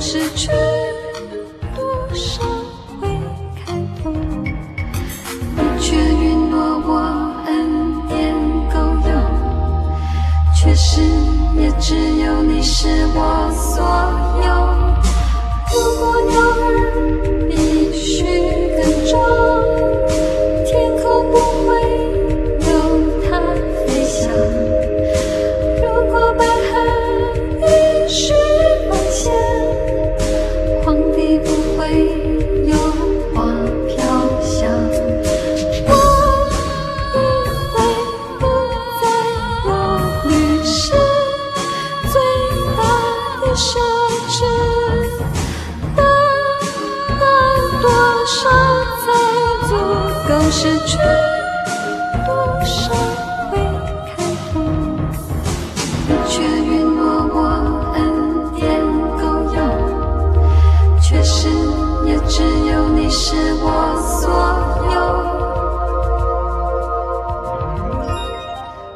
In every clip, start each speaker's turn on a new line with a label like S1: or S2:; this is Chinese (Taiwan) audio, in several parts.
S1: 失去多少會看透，你卻允諾我恩典夠用，確實也只有你是我所有。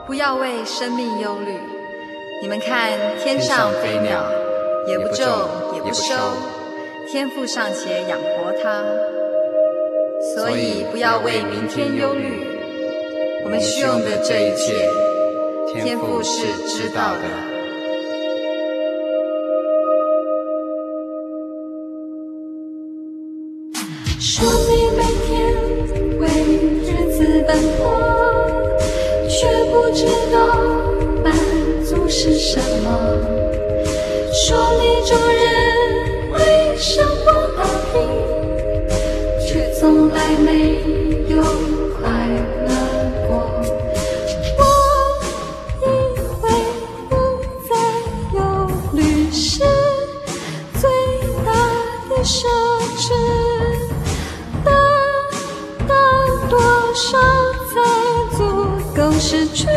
S1: 不要為生命憂慮。你們看，天上飛鳥。也不種也不收,也不收天父尚且養活牠，所以不要為明天憂慮。
S2: 我們需用的
S1: 這一切，天父是知道的。說你每天為日子奔波，卻不知道滿足是什麼。說你終日為生活打拼，卻從來沒有快樂過。我以為不再憂慮是最大的奢侈，得到多少才足夠，失去？